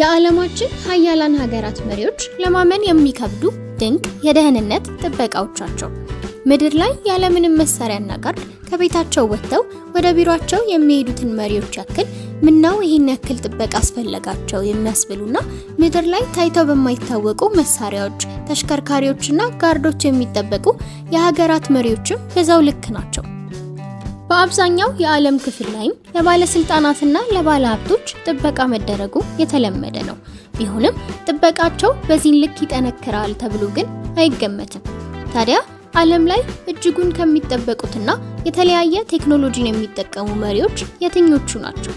የዓለማችን ሀያላን ሀገራት መሪዎች ለማመን የሚከብዱ ድንቅ የደህንነት ጥበቃዎቻቸው ምድር ላይ ያለምንም መሳሪያና ጋርድ ከቤታቸው ወጥተው ወደ ቢሯቸው የሚሄዱትን መሪዎች ያክል ምናው ይህን ያክል ጥበቃ አስፈለጋቸው የሚያስብሉና ምድር ላይ ታይተው በማይታወቁ መሳሪያዎች፣ ተሽከርካሪዎችና ጋርዶች የሚጠበቁ የሀገራት መሪዎችም በዛው ልክ ናቸው። በአብዛኛው የዓለም ክፍል ላይም ለባለስልጣናትና ለባለሀብቶች ጥበቃ መደረጉ የተለመደ ነው። ቢሆንም ጥበቃቸው በዚህን ልክ ይጠነክራል ተብሎ ግን አይገመትም። ታዲያ ዓለም ላይ እጅጉን ከሚጠበቁትና የተለያየ ቴክኖሎጂን የሚጠቀሙ መሪዎች የትኞቹ ናቸው?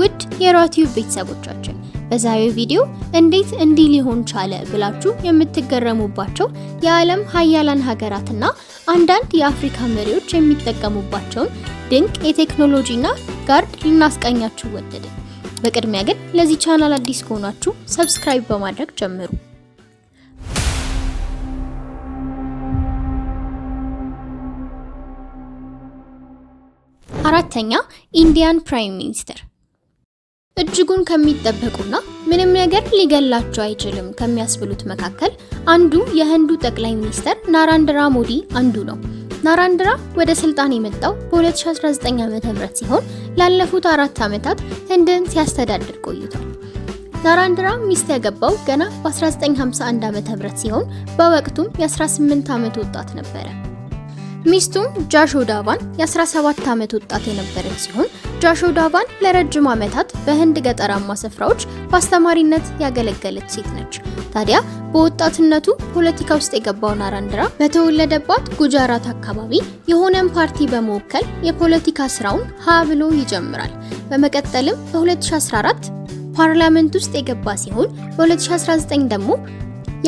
ውድ የሯቲዩብ ቤተሰቦቻችን በዛሬው ቪዲዮ እንዴት እንዲህ ሊሆን ቻለ ብላችሁ የምትገረሙባቸው የዓለም ሀያላን ሀገራትና አንዳንድ የአፍሪካ መሪዎች የሚጠቀሙባቸውን ድንቅ የቴክኖሎጂና ጋርድ ልናስቃኛችሁ ወደድን። በቅድሚያ ግን ለዚህ ቻናል አዲስ ከሆናችሁ ሰብስክራይብ በማድረግ ጀምሩ። አራተኛ ኢንዲያን ፕራይም ሚኒስትር እጅጉን ከሚጠበቁና ምንም ነገር ሊገላቸው አይችልም ከሚያስብሉት መካከል አንዱ የህንዱ ጠቅላይ ሚኒስትር ናራንድራ ሞዲ አንዱ ነው። ናራንድራ ወደ ስልጣን የመጣው በ2019 ዓ.ም ሲሆን ላለፉት አራት ዓመታት ህንድን ሲያስተዳድር ቆይቷል። ናራንድራ ሚስት ያገባው ገና በ1951 ዓ.ም ሲሆን በወቅቱም የ18 ዓመት ወጣት ነበረ። ሚስቱም ጃሾ ዳቫን የ17 ዓመት ወጣት የነበረች ሲሆን ጃሾ ዳቫን ለረጅም ዓመታት በህንድ ገጠራማ ስፍራዎች በአስተማሪነት ያገለገለች ሴት ነች። ታዲያ በወጣትነቱ ፖለቲካ ውስጥ የገባውን አራንድራ በተወለደባት ጉጃራት አካባቢ የሆነን ፓርቲ በመወከል የፖለቲካ ስራውን ሀ ብሎ ይጀምራል። በመቀጠልም በ2014 ፓርላመንት ውስጥ የገባ ሲሆን በ2019 ደግሞ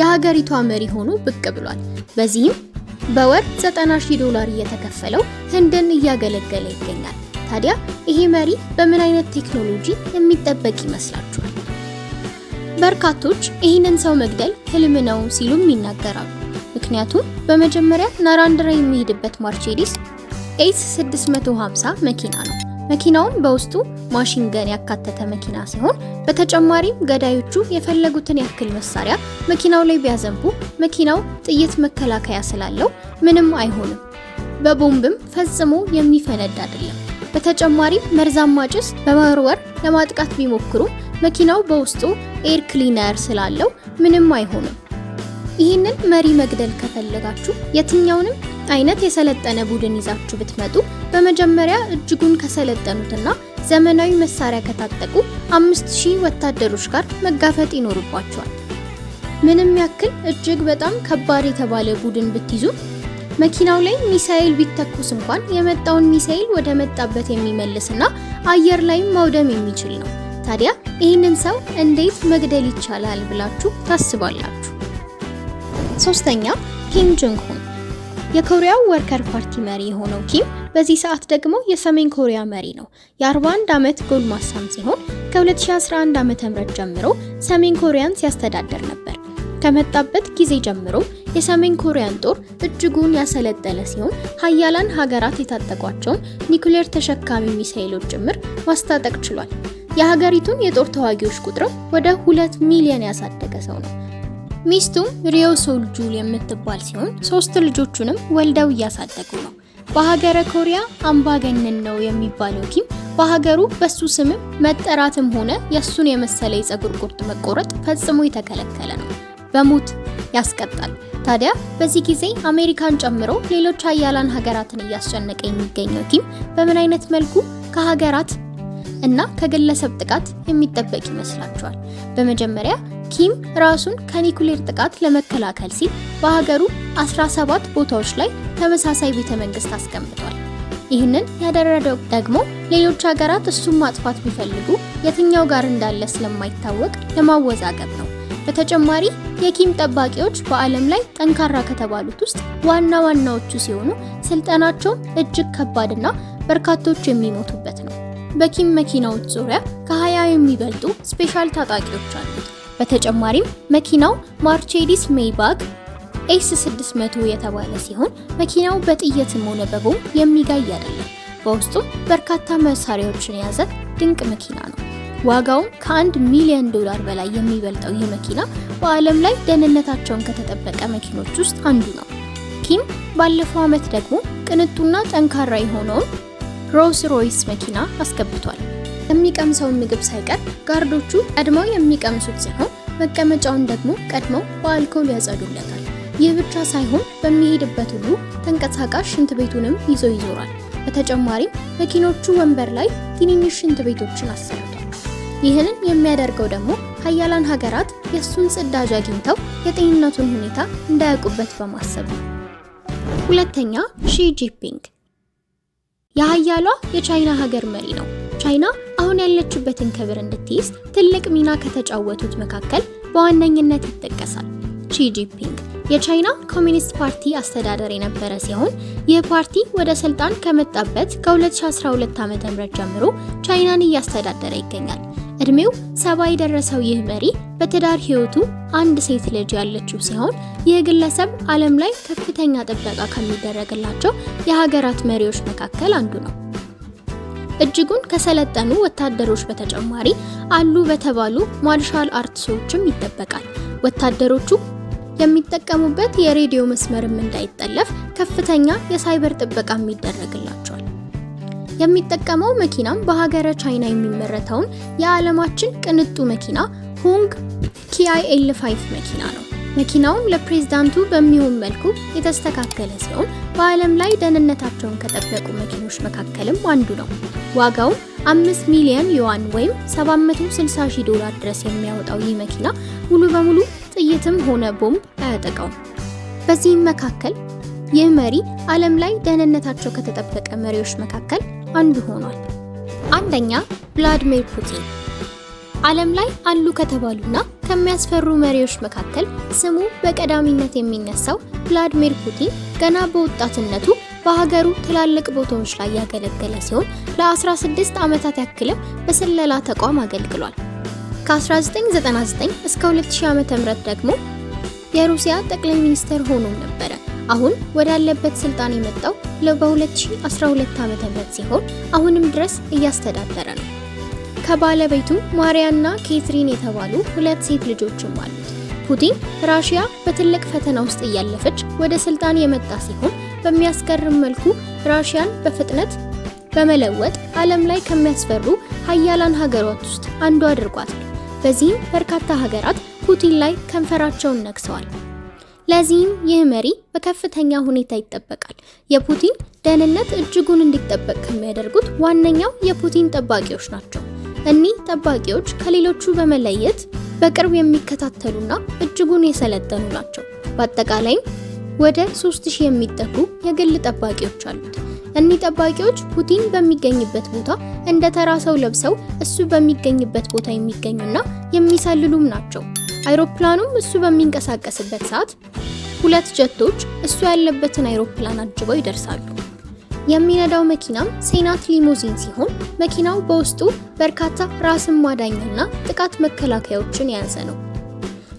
የሀገሪቷ መሪ ሆኖ ብቅ ብሏል። በዚህም በወር 90 ሺህ ዶላር እየተከፈለው ህንድን እያገለገለ ይገኛል። ታዲያ ይሄ መሪ በምን አይነት ቴክኖሎጂ የሚጠበቅ ይመስላችኋል? በርካቶች ይህንን ሰው መግደል ህልም ነው ሲሉም ይናገራሉ። ምክንያቱም በመጀመሪያ ናራንድራ የሚሄድበት ማርቼዲስ ኤስ 650 መኪና ነው። መኪናውም በውስጡ ማሽን ገን ያካተተ መኪና ሲሆን በተጨማሪም ገዳዮቹ የፈለጉትን ያክል መሳሪያ መኪናው ላይ ቢያዘንቡ መኪናው ጥይት መከላከያ ስላለው ምንም አይሆንም። በቦምብም ፈጽሞ የሚፈነድ አይደለም። በተጨማሪም መርዛማ ጭስ በመወርወር ለማጥቃት ቢሞክሩ መኪናው በውስጡ ኤር ክሊነር ስላለው ምንም አይሆንም። ይህንን መሪ መግደል ከፈለጋችሁ የትኛውንም አይነት የሰለጠነ ቡድን ይዛችሁ ብትመጡ በመጀመሪያ እጅጉን ከሰለጠኑትና ዘመናዊ መሳሪያ ከታጠቁ አምስት ሺህ ወታደሮች ጋር መጋፈጥ ይኖርባቸዋል። ምንም ያክል እጅግ በጣም ከባድ የተባለ ቡድን ብትይዙ መኪናው ላይ ሚሳኤል ቢተኩስ እንኳን የመጣውን ሚሳኤል ወደ መጣበት የሚመልስና አየር ላይም ማውደም የሚችል ነው። ታዲያ ይህንን ሰው እንዴት መግደል ይቻላል ብላችሁ ታስባላችሁ? ሶስተኛ ኪም ጆንግ ሁን የኮሪያው ወርከር ፓርቲ መሪ የሆነው ኪም በዚህ ሰዓት ደግሞ የሰሜን ኮሪያ መሪ ነው። የ41 ዓመት ጎልማሳም ሲሆን ከ2011 ዓ.ም ጀምሮ ሰሜን ኮሪያን ሲያስተዳደር ነበር። ከመጣበት ጊዜ ጀምሮ የሰሜን ኮሪያን ጦር እጅጉን ያሰለጠነ ሲሆን ሀያላን ሀገራት የታጠቋቸውን ኒኩሌር ተሸካሚ ሚሳኤሎች ጭምር ማስታጠቅ ችሏል። የሀገሪቱን የጦር ተዋጊዎች ቁጥር ወደ ሁለት ሚሊዮን ያሳደገ ሰው ነው። ሚስቱም ሪዮ ጁል የምትባል ሲሆን ሶስት ልጆቹንም ወልደው እያሳደጉ ነው። በሀገረ ኮሪያ አምባገነን ነው የሚባለው ኪም በሀገሩ በሱ ስምም መጠራትም ሆነ የሱን የመሰለ የፀጉር ቁርጥ መቆረጥ ፈጽሞ የተከለከለ ነው። በሞት ያስቀጣል። ታዲያ በዚህ ጊዜ አሜሪካን ጨምሮ ሌሎች አያላን ሀገራትን እያስጨነቀ የሚገኘው ኪም በምን አይነት መልኩ ከሀገራት እና ከግለሰብ ጥቃት የሚጠበቅ ይመስላችኋል? በመጀመሪያ ኪም ራሱን ከኒኩሌር ጥቃት ለመከላከል ሲል በሀገሩ 17 ቦታዎች ላይ ተመሳሳይ ቤተ መንግስት አስቀምጧል። ይህንን ያደረገው ደግሞ ሌሎች ሀገራት እሱን ማጥፋት ቢፈልጉ የትኛው ጋር እንዳለ ስለማይታወቅ ለማወዛገብ ነው። በተጨማሪ የኪም ጠባቂዎች በዓለም ላይ ጠንካራ ከተባሉት ውስጥ ዋና ዋናዎቹ ሲሆኑ ስልጠናቸውም እጅግ ከባድና በርካቶች የሚሞቱበት ነው። በኪም መኪናዎች ዙሪያ ከ20 የሚበልጡ ስፔሻል ታጣቂዎች አሉት። በተጨማሪም መኪናው ማርቼዲስ ሜይባግ ኤስ 600 የተባለ ሲሆን መኪናው በጥይትም ሆነ በቦምብ የሚጋይ አይደለም። በውስጡም በርካታ መሳሪያዎችን የያዘ ድንቅ መኪና ነው። ዋጋውም ከአንድ ሚሊዮን ዶላር በላይ የሚበልጠው ይህ መኪና በዓለም ላይ ደህንነታቸውን ከተጠበቀ መኪኖች ውስጥ አንዱ ነው። ኪም ባለፈው ዓመት ደግሞ ቅንጡና ጠንካራ የሆነውን ሮልስ ሮይስ መኪና አስገብቷል። የሚቀምሰውን ምግብ ሳይቀር ጋርዶቹ ቀድመው የሚቀምሱት ሲሆን መቀመጫውን ደግሞ ቀድመው በአልኮል ያጸዱለታል። ይህ ብቻ ሳይሆን በሚሄድበት ሁሉ ተንቀሳቃሽ ሽንት ቤቱንም ይዞ ይዞራል። በተጨማሪም መኪኖቹ ወንበር ላይ ትንንሽ ሽንት ቤቶችን አሰ ይህንን የሚያደርገው ደግሞ ሀያላን ሀገራት የእሱን ጽዳጅ አግኝተው የጤንነቱን ሁኔታ እንዳያውቁበት በማሰብ ነው። ሁለተኛ ሺ የሀያሏ የቻይና ሀገር መሪ ነው። ቻይና አሁን ያለችበትን ክብር እንድትይዝ ትልቅ ሚና ከተጫወቱት መካከል በዋነኝነት ይጠቀሳል። ሺ የቻይና ኮሚኒስት ፓርቲ አስተዳደር የነበረ ሲሆን ይህ ፓርቲ ወደ ስልጣን ከመጣበት ከ2012 ዓ.ም ጀምሮ ቻይናን እያስተዳደረ ይገኛል። እድሜው ሰባ የደረሰው ይህ መሪ በትዳር ህይወቱ አንድ ሴት ልጅ ያለችው ሲሆን ይህ ግለሰብ ዓለም ላይ ከፍተኛ ጥበቃ ከሚደረግላቸው የሀገራት መሪዎች መካከል አንዱ ነው። እጅጉን ከሰለጠኑ ወታደሮች በተጨማሪ አሉ በተባሉ ማርሻል አርትሶችም ይጠበቃል። ወታደሮቹ የሚጠቀሙበት የሬዲዮ መስመርም እንዳይጠለፍ ከፍተኛ የሳይበር ጥበቃም ይደረግላቸዋል። የሚጠቀመው መኪናም በሀገረ ቻይና የሚመረተውን የዓለማችን ቅንጡ መኪና ሆንግ ኪአይ ኤል 5 መኪና ነው። መኪናውም ለፕሬዝዳንቱ በሚሆን መልኩ የተስተካከለ ሲሆን በዓለም ላይ ደህንነታቸውን ከጠበቁ መኪኖች መካከልም አንዱ ነው። ዋጋውም 5 ሚሊዮን ዩዋን ወይም 760 ሺህ ዶላር ድረስ የሚያወጣው ይህ መኪና ሙሉ በሙሉ ጥይትም ሆነ ቦምብ አያጠቃውም። በዚህም መካከል ይህ መሪ ዓለም ላይ ደህንነታቸው ከተጠበቀ መሪዎች መካከል አንዱ ሆኗል። አንደኛ ቭላድሚር ፑቲን ዓለም ላይ አሉ ከተባሉና ከሚያስፈሩ መሪዎች መካከል ስሙ በቀዳሚነት የሚነሳው ቭላድሚር ፑቲን ገና በወጣትነቱ በሀገሩ ትላልቅ ቦታዎች ላይ ያገለገለ ሲሆን ለ16 ዓመታት ያክልም በስለላ ተቋም አገልግሏል። ከ1999 እስከ 2000 ዓ.ም ደግሞ የሩሲያ ጠቅላይ ሚኒስትር ሆኖ ነበረ። አሁን ወዳለበት ስልጣን የመጣው በ2012 ዓ ም ሲሆን አሁንም ድረስ እያስተዳደረ ነው። ከባለቤቱ ማሪያና ኬትሪን የተባሉ ሁለት ሴት ልጆችም አሉት። ፑቲን ራሽያ በትልቅ ፈተና ውስጥ እያለፈች ወደ ስልጣን የመጣ ሲሆን በሚያስገርም መልኩ ራሽያን በፍጥነት በመለወጥ ዓለም ላይ ከሚያስፈሩ ሀያላን ሀገሯት ውስጥ አንዱ አድርጓታል። በዚህም በርካታ ሀገራት ፑቲን ላይ ከንፈራቸውን ነክሰዋል። ለዚህም ይህ መሪ በከፍተኛ ሁኔታ ይጠበቃል። የፑቲን ደህንነት እጅጉን እንዲጠበቅ ከሚያደርጉት ዋነኛው የፑቲን ጠባቂዎች ናቸው። እኒህ ጠባቂዎች ከሌሎቹ በመለየት በቅርብ የሚከታተሉና እጅጉን የሰለጠኑ ናቸው። በአጠቃላይም ወደ 3000 የሚጠጉ የግል ጠባቂዎች አሉት። እኒህ ጠባቂዎች ፑቲን በሚገኝበት ቦታ እንደ ተራ ሰው ለብሰው እሱ በሚገኝበት ቦታ የሚገኙና የሚሰልሉም ናቸው። አይሮፕላኑም እሱ በሚንቀሳቀስበት ሰዓት ሁለት ጀቶች እሱ ያለበትን አይሮፕላን አጅበው ይደርሳሉ። የሚነዳው መኪናም ሴናት ሊሙዚን ሲሆን መኪናው በውስጡ በርካታ ራስን ማዳኛና ጥቃት መከላከያዎችን የያዘ ነው።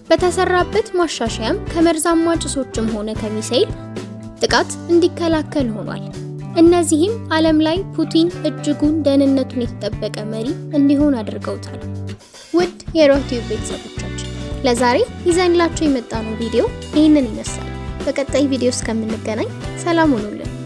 በተሰራበት ማሻሻያም ከመርዛማ ጭሶችም ሆነ ከሚሳኤል ጥቃት እንዲከላከል ሆኗል። እነዚህም ዓለም ላይ ፑቲን እጅጉን ደህንነቱን የተጠበቀ መሪ እንዲሆን አድርገውታል። ውድ የሮቲው ቤተሰቦች ለዛሬ ይዘንላችሁ የመጣነው ቪዲዮ ይህንን ይመስላል። በቀጣይ ቪዲዮ እስከምንገናኝ ሰላም ሁኑልን።